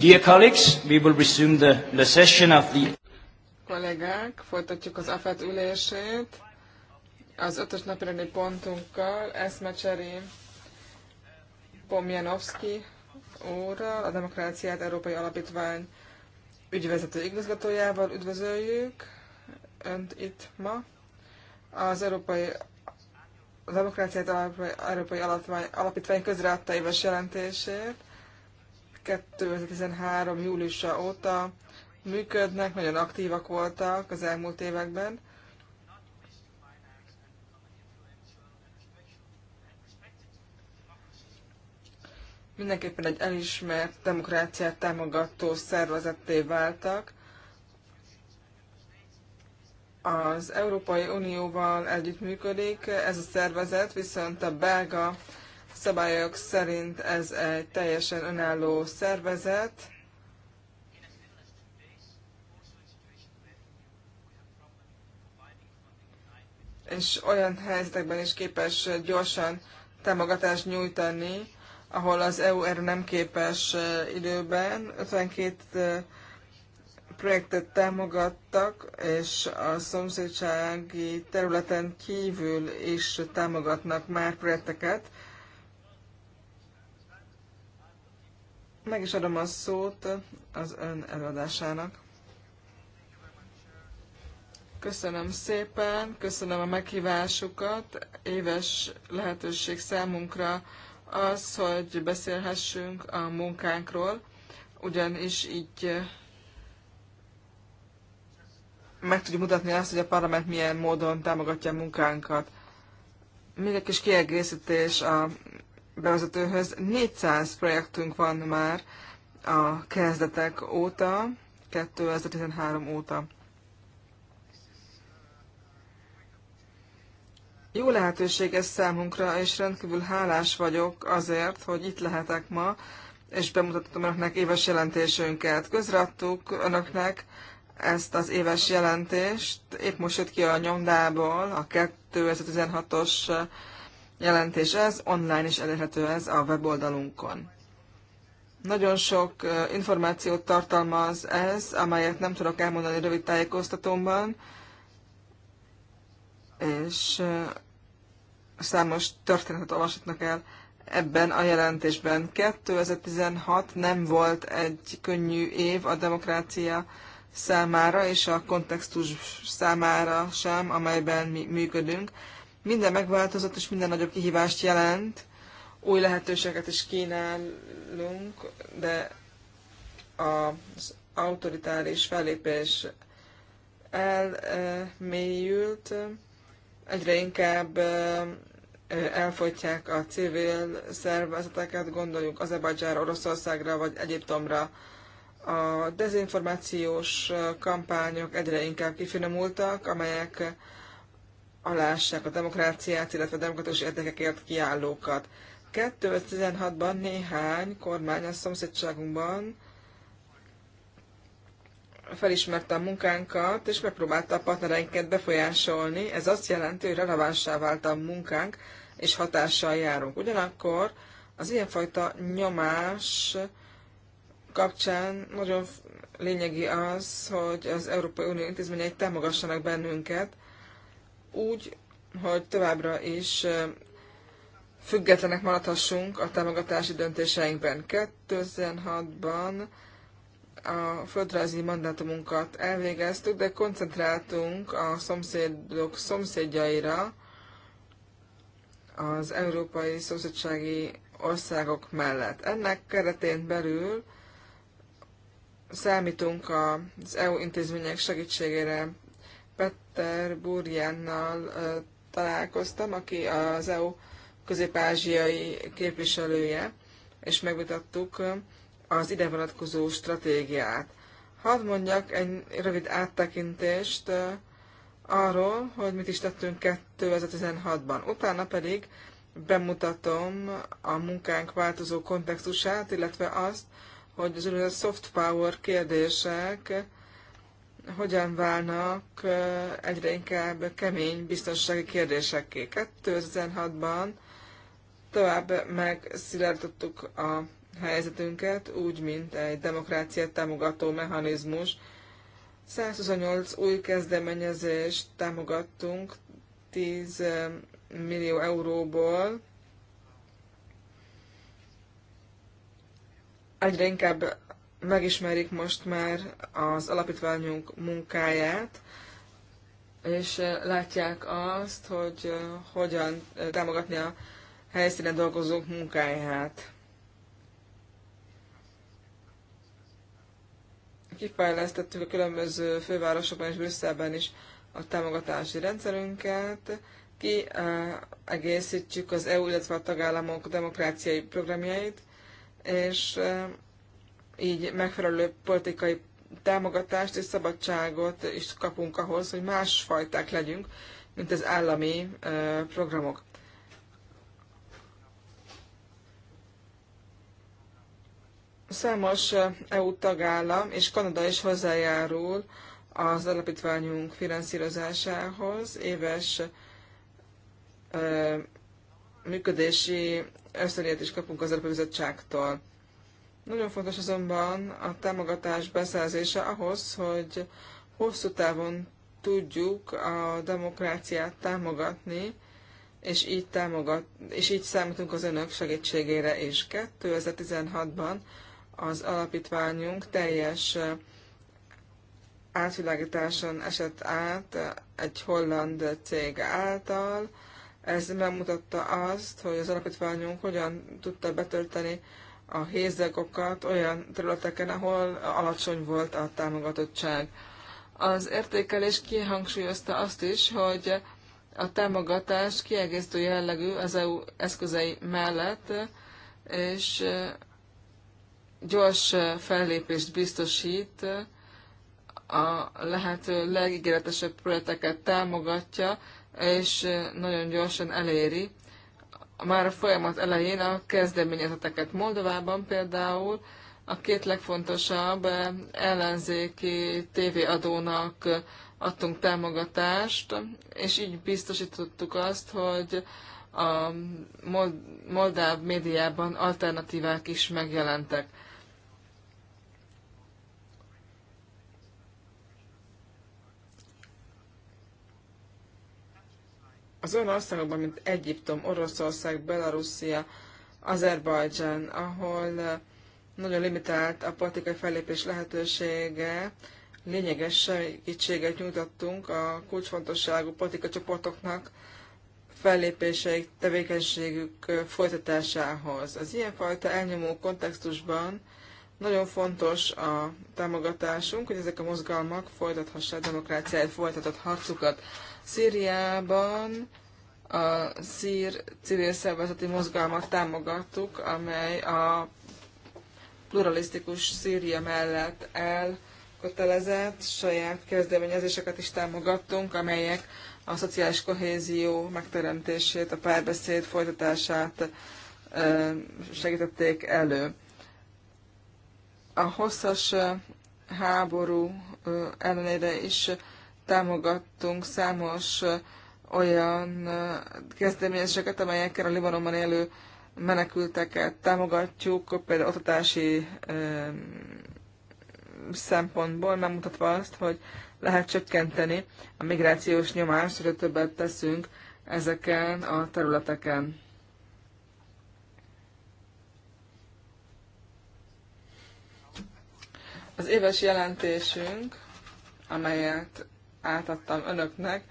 Dear colleagues, we will resume the, the session of the... Kollégák, folytatjuk az AFET ülését. Az ötös napirendi pontunkkal eszmecseri Pomjanovski úrral, a Demokráciát Európai Alapítvány ügyvezető igazgatójával üdvözöljük önt itt ma. Az Európai a Demokráciát Európai Alapítvány közreadta éves jelentését 2013. júliusa óta működnek, nagyon aktívak voltak az elmúlt években. Mindenképpen egy elismert demokráciát támogató szervezetté váltak. Az Európai Unióval együttműködik ez a szervezet, viszont a belga szabályok szerint ez egy teljesen önálló szervezet, és olyan helyzetekben is képes gyorsan támogatást nyújtani, ahol az EU erre nem képes időben. 52 projektet támogattak, és a szomszédsági területen kívül is támogatnak már projekteket, Meg is adom a szót az ön előadásának. Köszönöm szépen, köszönöm a meghívásukat. Éves lehetőség számunkra az, hogy beszélhessünk a munkánkról, ugyanis így meg tudjuk mutatni azt, hogy a parlament milyen módon támogatja a munkánkat. Még egy kis kiegészítés a bevezetőhöz. 400 projektünk van már a kezdetek óta, 2013 óta. Jó lehetőség ez számunkra, és rendkívül hálás vagyok azért, hogy itt lehetek ma, és bemutattam önöknek éves jelentésünket. Közreadtuk önöknek ezt az éves jelentést. Épp most jött ki a nyomdából a 2016-os jelentés ez, online is elérhető ez a weboldalunkon. Nagyon sok információt tartalmaz ez, amelyet nem tudok elmondani rövid tájékoztatómban, és számos történetet olvashatnak el ebben a jelentésben. 2016 nem volt egy könnyű év a demokrácia számára és a kontextus számára sem, amelyben mi működünk. Minden megváltozott, és minden nagyobb kihívást jelent. Új lehetőséget is kínálunk, de az autoritáris fellépés elmélyült, egyre inkább elfogyják a civil szervezeteket, gondoljunk Azerbajdzsára, Oroszországra vagy Egyiptomra. A dezinformációs kampányok egyre inkább kifinomultak, amelyek alássák a demokráciát, illetve a demokratikus érdekekért kiállókat. 2016-ban néhány kormány a szomszédságunkban felismerte a munkánkat, és megpróbálta a partnereinket befolyásolni. Ez azt jelenti, hogy relevánsá vált a munkánk, és hatással járunk. Ugyanakkor az ilyenfajta nyomás kapcsán nagyon lényegi az, hogy az Európai Unió intézményei támogassanak bennünket, úgy, hogy továbbra is függetlenek maradhassunk a támogatási döntéseinkben. 2006-ban a földrajzi mandátumunkat elvégeztük, de koncentráltunk a szomszédok szomszédjaira, az európai szomszédsági országok mellett. Ennek keretén belül számítunk az EU intézmények segítségére Petter Burjánnal találkoztam, aki az EU közép-ázsiai képviselője, és megmutattuk az ide vonatkozó stratégiát. Hadd mondjak egy rövid áttekintést arról, hogy mit is tettünk 2016-ban. Utána pedig bemutatom a munkánk változó kontextusát, illetve azt, hogy az úgynevezett soft power kérdések hogyan válnak egyre inkább kemény biztonsági kérdésekké. 2006-ban tovább megszilárdítottuk a helyzetünket, úgy, mint egy demokráciát támogató mechanizmus. 128 új kezdeményezést támogattunk 10 millió euróból. Egyre inkább megismerik most már az alapítványunk munkáját, és eh, látják azt, hogy eh, hogyan eh, támogatni a helyszínen dolgozók munkáját. Kifejlesztettük a különböző fővárosokban és Brüsszelben is a támogatási rendszerünket, ki egészítjük az EU, illetve a tagállamok demokráciai programjait, és így megfelelő politikai támogatást és szabadságot is kapunk ahhoz, hogy más fajták legyünk, mint az állami programok. Számos EU tagállam és Kanada is hozzájárul az alapítványunk finanszírozásához. Éves működési ösztöniet is kapunk az Alapbizottságtól. Nagyon fontos azonban a támogatás beszerzése ahhoz, hogy hosszú távon tudjuk a demokráciát támogatni, és így, támogat, és így számítunk az önök segítségére is. 2016-ban az alapítványunk teljes átvilágításon esett át egy holland cég által. Ez megmutatta azt, hogy az alapítványunk hogyan tudta betölteni a hézegokat olyan területeken, ahol alacsony volt a támogatottság. Az értékelés kihangsúlyozta azt is, hogy a támogatás kiegészítő jellegű az EU eszközei mellett, és gyors fellépést biztosít, a lehető legígéretesebb projekteket támogatja, és nagyon gyorsan eléri már a folyamat elején a kezdeményezeteket Moldovában például a két legfontosabb eh, ellenzéki tévéadónak eh, adtunk támogatást, és így biztosítottuk azt, hogy a moldáv médiában alternatívák is megjelentek. az olyan országokban, mint Egyiptom, Oroszország, Belarusia, Azerbajdzsán, ahol eh, nagyon limitált a politikai fellépés lehetősége, lényeges segítséget nyújtottunk a kulcsfontosságú politikai csoportoknak fellépéseik, tevékenységük eh, folytatásához. Az ilyenfajta elnyomó kontextusban nagyon fontos a támogatásunk, hogy ezek a mozgalmak folytathassák demokráciáját, folytatott harcukat. Szíriában a szír civil szervezeti mozgalmat támogattuk, amely a pluralisztikus Szíria mellett elkötelezett, saját kezdeményezéseket is támogattunk, amelyek a szociális kohézió megteremtését, a párbeszéd folytatását segítették elő a hosszas háború ellenére is támogattunk számos olyan kezdeményezéseket, amelyekkel a Libanonban élő menekülteket támogatjuk, például oktatási szempontból, nem mutatva azt, hogy lehet csökkenteni a migrációs nyomást, hogy többet teszünk ezeken a területeken. Az éves jelentésünk, amelyet átadtam önöknek,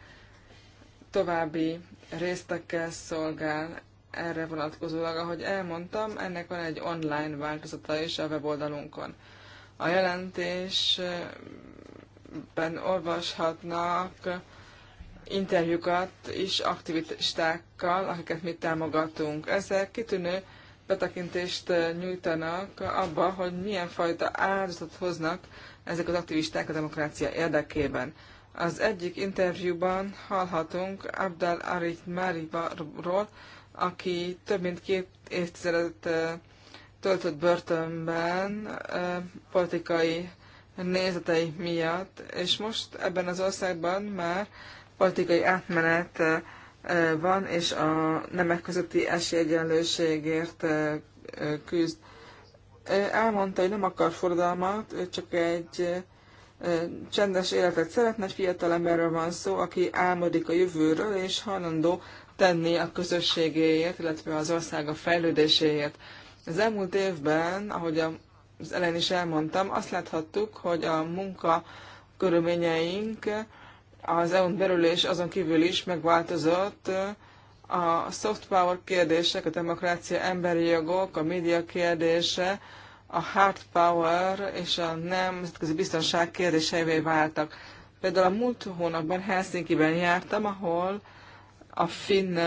további résztekkel szolgál erre vonatkozólag, ahogy elmondtam, ennek van egy online változata is a weboldalunkon. A jelentésben olvashatnak interjúkat is aktivistákkal, akiket mi támogatunk. Ezek kitűnő betekintést eh, nyújtanak abba, hogy milyen fajta áldozatot hoznak ezek az aktivisták a demokrácia érdekében. Az egyik interjúban hallhatunk Abdel Arit Maribarról, aki több mint két évtizedet eh, töltött börtönben eh, politikai nézetei miatt, és most ebben az országban már politikai átmenet van, és a nemek közötti esélyegyenlőségért küzd. Elmondta, hogy nem akar forradalmat, ő csak egy csendes életet szeretne, egy fiatal emberről van szó, aki álmodik a jövőről, és hajlandó tenni a közösségéért, illetve az ország a fejlődéséért. Az elmúlt évben, ahogy az elején is elmondtam, azt láthattuk, hogy a munka körülményeink az EU-n belül és azon kívül is megváltozott. A soft power kérdések, a demokrácia, emberi jogok, a média kérdése, a hard power és a nemzetközi biztonság kérdéseivé váltak. Például a múlt hónapban Helsinki-ben jártam, ahol a finn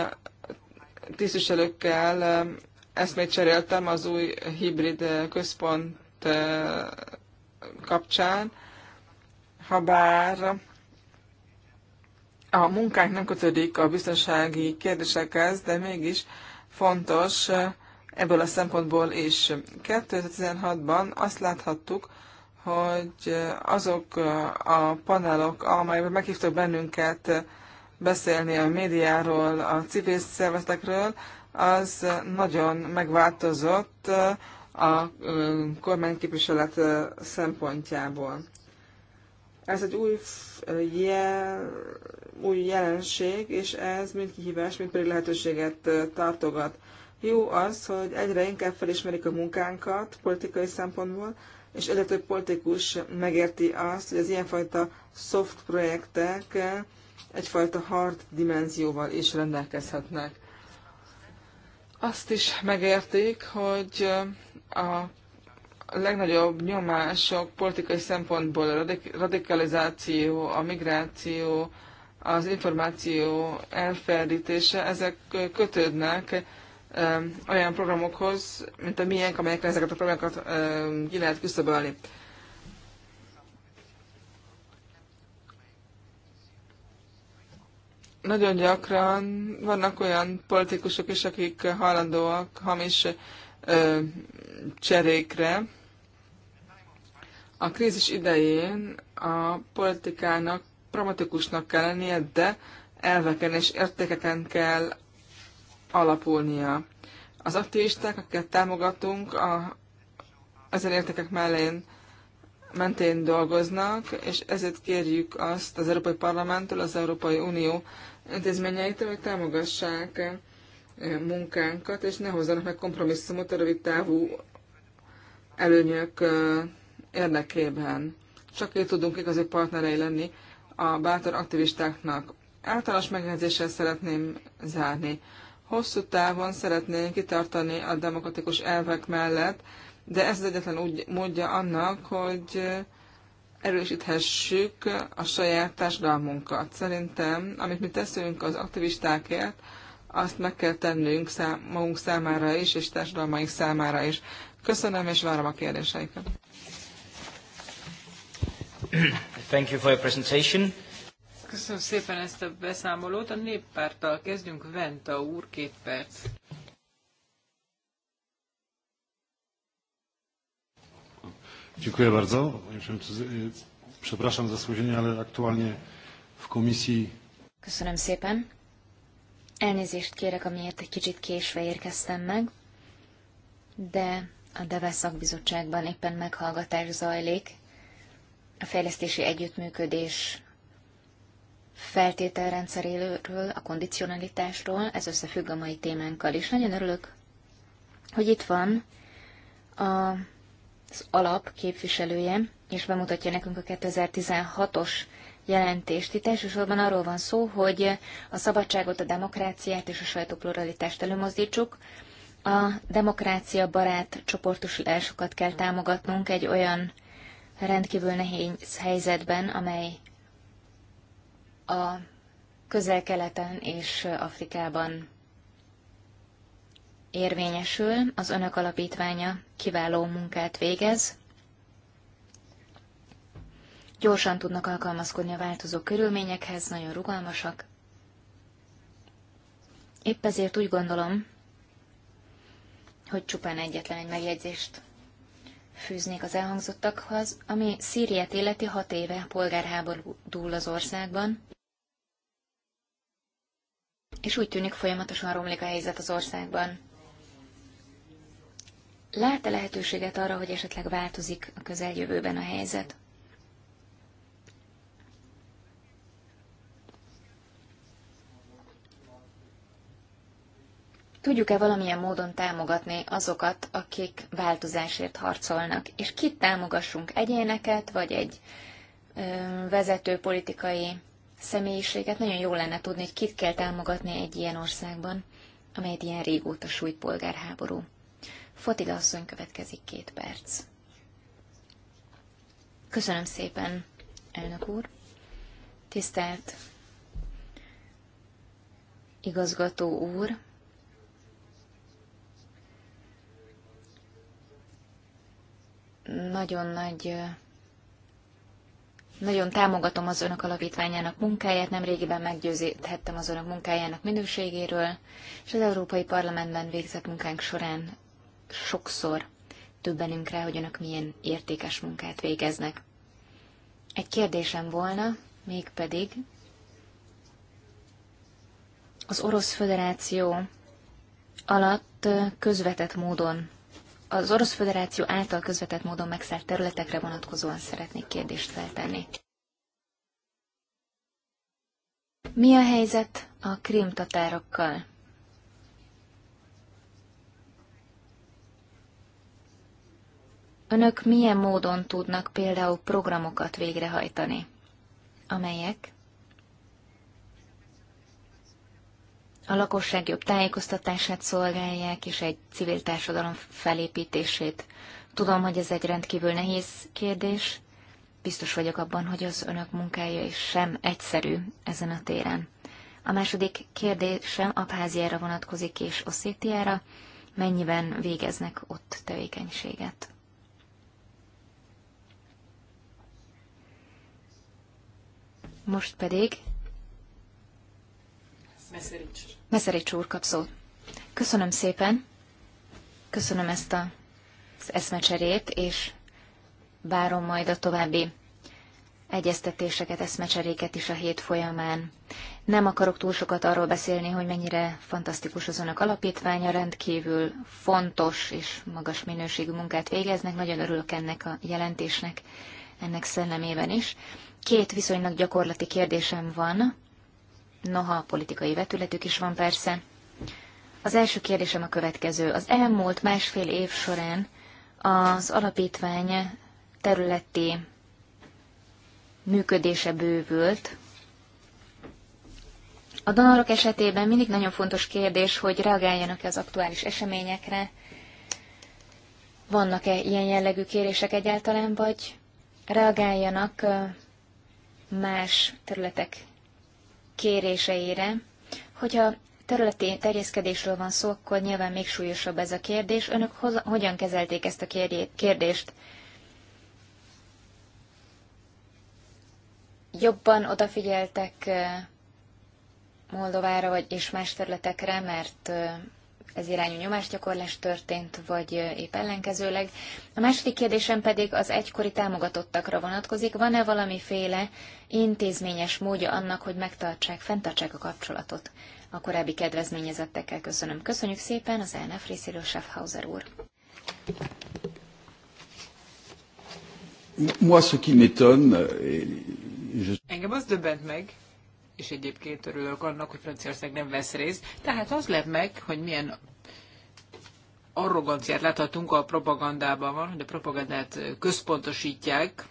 tisztviselőkkel eszmét cseréltem az új hibrid központ kapcsán, habár a munkánk nem kötődik a biztonsági kérdésekhez, de mégis fontos ebből a szempontból is. 2016-ban azt láthattuk, hogy azok a panelok, amelyben meghívtak bennünket beszélni a médiáról, a civil szervezetekről, az nagyon megváltozott a kormányképviselet szempontjából. Ez egy új, jel, új jelenség, és ez mind kihívás, mind pedig lehetőséget tartogat. Jó az, hogy egyre inkább felismerik a munkánkat politikai szempontból, és egyre több politikus megérti azt, hogy az ilyenfajta soft projektek egyfajta hard dimenzióval is rendelkezhetnek. Azt is megérték, hogy a legnagyobb nyomások politikai szempontból a radikalizáció, a migráció, az információ elferdítése, ezek kötődnek olyan programokhoz, mint a miénk, amelyekre ezeket a ö, ki lehet küszöbölni. Nagyon gyakran vannak olyan politikusok is, akik hajlandóak hamis cserékre, a krízis idején a politikának pragmatikusnak kell lennie, de elveken és értékeken kell alapulnia. Az aktivisták, akiket támogatunk, a, ezen értékek mellén mentén dolgoznak, és ezért kérjük azt az Európai Parlamenttől, az Európai Unió intézményeitől, hogy támogassák eh, munkánkat, és ne hozzanak meg kompromisszumot a rövid távú előnyök eh, érdekében. Csak így tudunk igazi partnerei lenni a bátor aktivistáknak. Általános megjegyzéssel szeretném zárni. Hosszú távon szeretnénk kitartani a demokratikus elvek mellett, de ez az egyetlen úgy módja annak, hogy erősíthessük a saját társadalmunkat. Szerintem, amit mi teszünk az aktivistákért, azt meg kell tennünk szám, magunk számára is, és társadalmaink számára is. Köszönöm, és várom a kérdéseiket. Thank you for your presentation. Köszönöm szépen ezt a beszámolót. A néppárttal kezdjünk. Venta úr, két perc. Dziękuję bardzo. przepraszam za spóźnienie, ale aktualnie w komisji... Köszönöm szépen. Elnézést kérek, amiért egy kicsit késve érkeztem meg, de a DEVE szakbizottságban éppen meghallgatás zajlik a fejlesztési együttműködés feltételrendszeréről, a kondicionalitásról, ez összefügg a mai témánkkal is. Nagyon örülök, hogy itt van a, az alap képviselője, és bemutatja nekünk a 2016-os jelentést. Itt elsősorban arról van szó, hogy a szabadságot, a demokráciát és a sajtópluralitást előmozdítsuk. A demokrácia barát csoportosulásokat kell támogatnunk egy olyan rendkívül nehéz helyzetben, amely a közel-keleten és Afrikában érvényesül. Az önök alapítványa kiváló munkát végez. Gyorsan tudnak alkalmazkodni a változó körülményekhez, nagyon rugalmasak. Épp ezért úgy gondolom, hogy csupán egyetlen egy megjegyzést fűznék az elhangzottakhoz, ami Szíriát életi hat éve polgárháború dúl az országban, és úgy tűnik folyamatosan romlik a helyzet az országban. Lát-e lehetőséget arra, hogy esetleg változik a közeljövőben a helyzet? Tudjuk-e valamilyen módon támogatni azokat, akik változásért harcolnak? És kit támogassunk? Egyéneket, vagy egy ö, vezető politikai személyiséget? Nagyon jó lenne tudni, hogy kit kell támogatni egy ilyen országban, amely egy ilyen régóta sújt polgárháború. Fotida asszony következik két perc. Köszönöm szépen, elnök úr. Tisztelt igazgató úr, nagyon nagy nagyon támogatom az önök alapítványának munkáját, Nem régiben meggyőzhettem az önök munkájának minőségéről, és az Európai Parlamentben végzett munkánk során sokszor többenünk rá, hogy önök milyen értékes munkát végeznek. Egy kérdésem volna, mégpedig az Orosz Föderáció alatt közvetett módon az Orosz Föderáció által közvetett módon megszállt területekre vonatkozóan szeretnék kérdést feltenni. Mi a helyzet a tatárokkal? Önök milyen módon tudnak például programokat végrehajtani, amelyek a lakosság jobb tájékoztatását szolgálják, és egy civil társadalom felépítését. Tudom, hogy ez egy rendkívül nehéz kérdés. Biztos vagyok abban, hogy az önök munkája is sem egyszerű ezen a téren. A második kérdésem Abháziára vonatkozik és Oszétiára. Mennyiben végeznek ott tevékenységet? Most pedig Meszerics. Meszerics úr kap szót. Köszönöm szépen. Köszönöm ezt a, az eszmecserét, és várom majd a további egyeztetéseket, eszmecseréket is a hét folyamán. Nem akarok túl sokat arról beszélni, hogy mennyire fantasztikus az önök alapítványa, rendkívül fontos és magas minőségű munkát végeznek, nagyon örülök ennek a jelentésnek, ennek szellemében is. Két viszonylag gyakorlati kérdésem van noha politikai vetületük is van persze. Az első kérdésem a következő. Az elmúlt másfél év során az alapítvány területi működése bővült. A donorok esetében mindig nagyon fontos kérdés, hogy reagáljanak-e az aktuális eseményekre, vannak-e ilyen jellegű kérések egyáltalán, vagy reagáljanak más területek kéréseire, hogyha területi terjeszkedésről van szó, akkor nyilván még súlyosabb ez a kérdés. Önök hoza, hogyan kezelték ezt a kérdést? Jobban odafigyeltek eh, Moldovára vagy és más területekre, mert eh, ez irányú nyomásgyakorlás történt, vagy épp ellenkezőleg. A második kérdésem pedig az egykori támogatottakra vonatkozik. Van-e valamiféle intézményes módja annak, hogy megtartsák, fenntartsák a kapcsolatot a korábbi kedvezményezettekkel? Köszönöm. Köszönjük szépen az ELNF részéről Schaffhauser úr. Moi, ce qui m'étonne, Engem az döbbent meg, és egyébként örülök annak, hogy Franciaország nem vesz részt. Tehát az lett meg, hogy milyen arroganciát láthatunk a propagandában van, hogy a propagandát központosítják.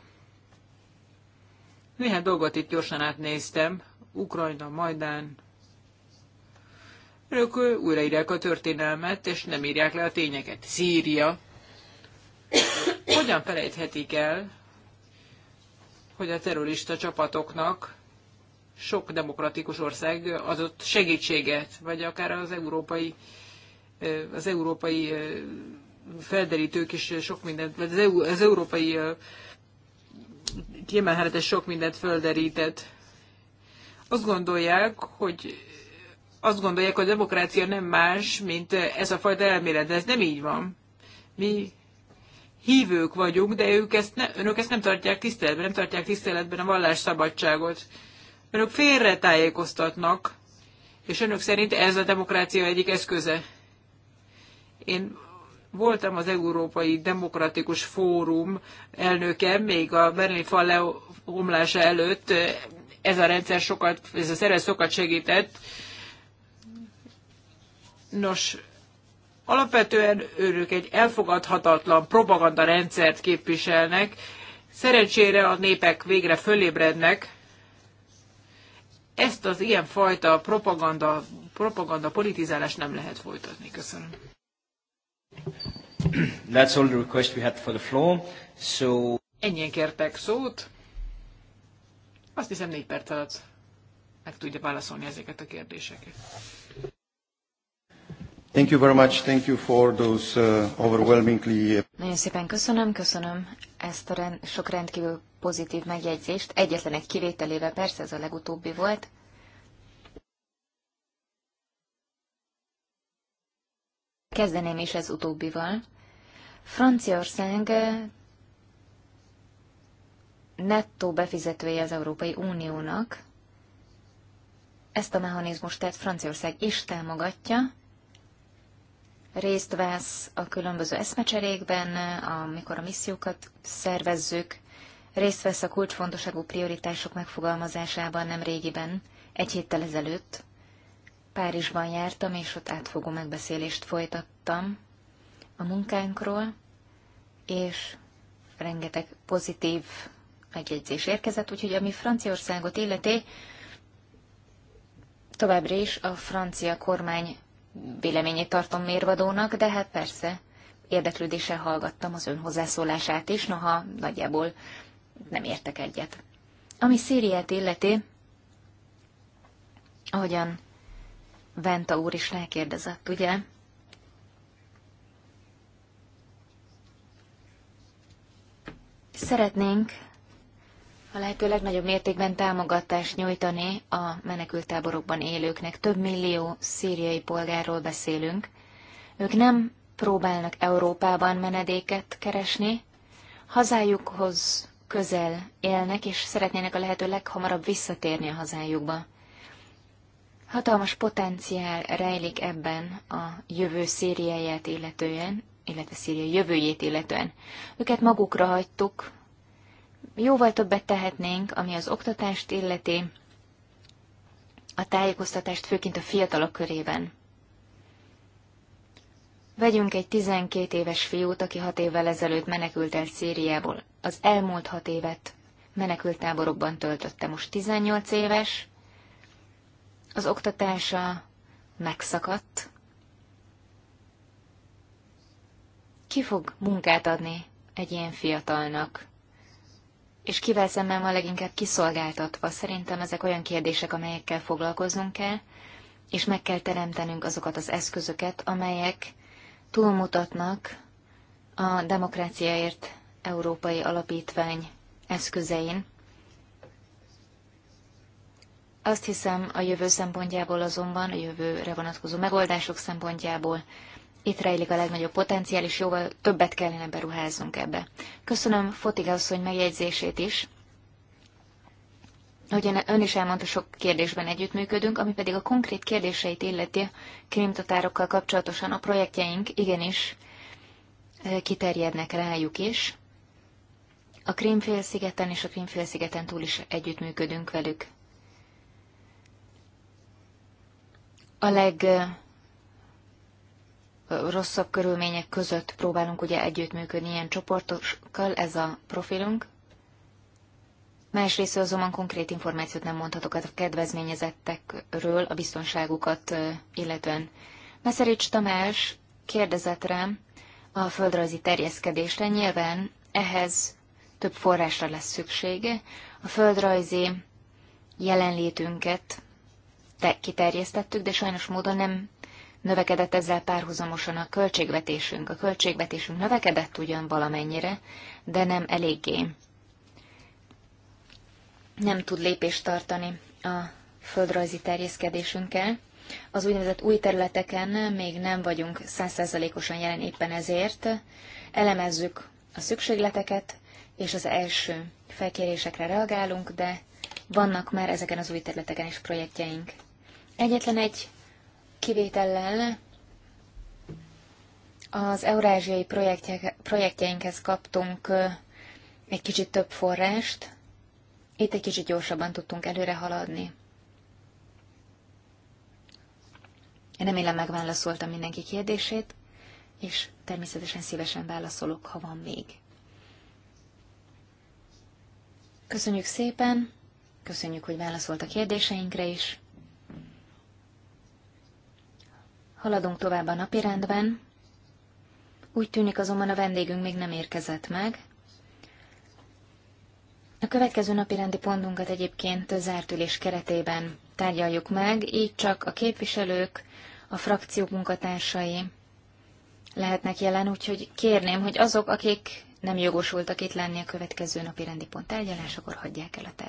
Néhány dolgot itt gyorsan átnéztem. Ukrajna, Majdán. Ők újraírják a történelmet, és nem írják le a tényeket. Szíria. Hogyan felejthetik el, hogy a terrorista csapatoknak sok demokratikus ország adott segítséget, vagy akár az európai, az európai felderítők is sok mindent, vagy az, EU, az európai kiemelhetetes sok mindent felderített. Azt gondolják, hogy azt gondolják, hogy a demokrácia nem más, mint ez a fajta elmélet, de ez nem így van. Mi hívők vagyunk, de ők ezt ne, önök ezt nem tartják tiszteletben, nem tartják tiszteletben a vallásszabadságot. szabadságot Önök félretájékoztatnak, és önök szerint ez a demokrácia egyik eszköze. Én voltam az Európai Demokratikus Fórum elnöke, még a Berlin fal leomlása előtt ez a rendszer sokat, ez a szerez sokat segített. Nos, alapvetően őrök egy elfogadhatatlan propaganda rendszert képviselnek. Szerencsére a népek végre fölébrednek, ezt az ilyenfajta propaganda, propaganda politizálást nem lehet folytatni. Köszönöm. That's all the request we had for the floor. So... Ennyien kértek szót. Azt hiszem négy perc alatt meg tudja válaszolni ezeket a kérdéseket. Thank you very much. Thank you for those uh, overwhelmingly... Uh, Nagyon szépen köszönöm, köszönöm ezt a rend, sok rendkívül pozitív megjegyzést. Egyetlen egy kivételével, persze ez a legutóbbi volt. Kezdeném is ez utóbbival. Franciaország uh, nettó befizetője az Európai Uniónak. Ezt a mechanizmust tehát Franciaország is támogatja, részt vesz a különböző eszmecserékben, amikor a missziókat szervezzük, részt vesz a kulcsfontosságú prioritások megfogalmazásában nem régiben, egy héttel ezelőtt. Párizsban jártam, és ott átfogó megbeszélést folytattam a munkánkról, és rengeteg pozitív megjegyzés érkezett, úgyhogy ami Franciaországot illeti, továbbra is a francia kormány véleményét tartom mérvadónak, de hát persze érdeklődéssel hallgattam az ön hozzászólását is, noha nagyjából nem értek egyet. Ami szériát illeti, ahogyan Venta úr is rákérdezett, ugye? Szeretnénk a lehető legnagyobb mértékben támogatást nyújtani a menekültáborokban élőknek. Több millió szíriai polgárról beszélünk. Ők nem próbálnak Európában menedéket keresni, hazájukhoz közel élnek, és szeretnének a lehető leghamarabb visszatérni a hazájukba. Hatalmas potenciál rejlik ebben a jövő szíriáját illetően, illetve Szíria jövőjét illetően. Őket magukra hagytuk, jóval többet tehetnénk, ami az oktatást illeti, a tájékoztatást főként a fiatalok körében. Vegyünk egy 12 éves fiút, aki 6 évvel ezelőtt menekült el Szíriából. Az elmúlt 6 évet táborokban töltötte, most 18 éves. Az oktatása megszakadt. Ki fog munkát adni egy ilyen fiatalnak? és kivel szemben van leginkább kiszolgáltatva. Szerintem ezek olyan kérdések, amelyekkel foglalkoznunk kell, és meg kell teremtenünk azokat az eszközöket, amelyek túlmutatnak a demokráciáért Európai Alapítvány eszközein. Azt hiszem, a jövő szempontjából azonban, a jövőre vonatkozó megoldások szempontjából itt rejlik a legnagyobb potenciál, és jóval többet kellene beruháznunk ebbe. Köszönöm Fotiga asszony megjegyzését is. Ahogyan ön is elmondta, sok kérdésben együttműködünk, ami pedig a konkrét kérdéseit illeti krimtatárokkal kapcsolatosan a projektjeink igenis kiterjednek rájuk is. A Krimfélszigeten és a Krimfélszigeten túl is együttműködünk velük. A leg rosszabb körülmények között próbálunk ugye együttműködni ilyen csoportokkal, ez a profilunk. Másrészt azonban konkrét információt nem mondhatok a kedvezményezettekről, a biztonságukat illetően. Meszerics Tamás kérdezett rám a földrajzi terjeszkedésre. Nyilván ehhez több forrásra lesz szüksége. A földrajzi jelenlétünket kiterjesztettük, de sajnos módon nem Növekedett ezzel párhuzamosan a költségvetésünk. A költségvetésünk növekedett ugyan valamennyire, de nem eléggé. Nem tud lépést tartani a földrajzi terjeszkedésünkkel. Az úgynevezett új területeken még nem vagyunk százszerzalékosan jelen éppen ezért. Elemezzük a szükségleteket, és az első felkérésekre reagálunk, de vannak már ezeken az új területeken is projektjeink. Egyetlen egy kivétellel az eurázsiai projektjeinkhez kaptunk egy kicsit több forrást, itt egy kicsit gyorsabban tudtunk előre haladni. Remélem megválaszoltam mindenki kérdését, és természetesen szívesen válaszolok, ha van még. Köszönjük szépen, köszönjük, hogy válaszolt a kérdéseinkre is. Haladunk tovább a napirendben. Úgy tűnik azonban a vendégünk még nem érkezett meg. A következő napirendi pontunkat egyébként zárt ülés keretében tárgyaljuk meg, így csak a képviselők, a frakciók munkatársai lehetnek jelen, úgyhogy kérném, hogy azok, akik nem jogosultak itt lenni a következő napi rendi pont tárgyalásakor, hagyják el a tervet.